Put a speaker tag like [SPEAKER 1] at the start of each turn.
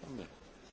[SPEAKER 1] Vabbè.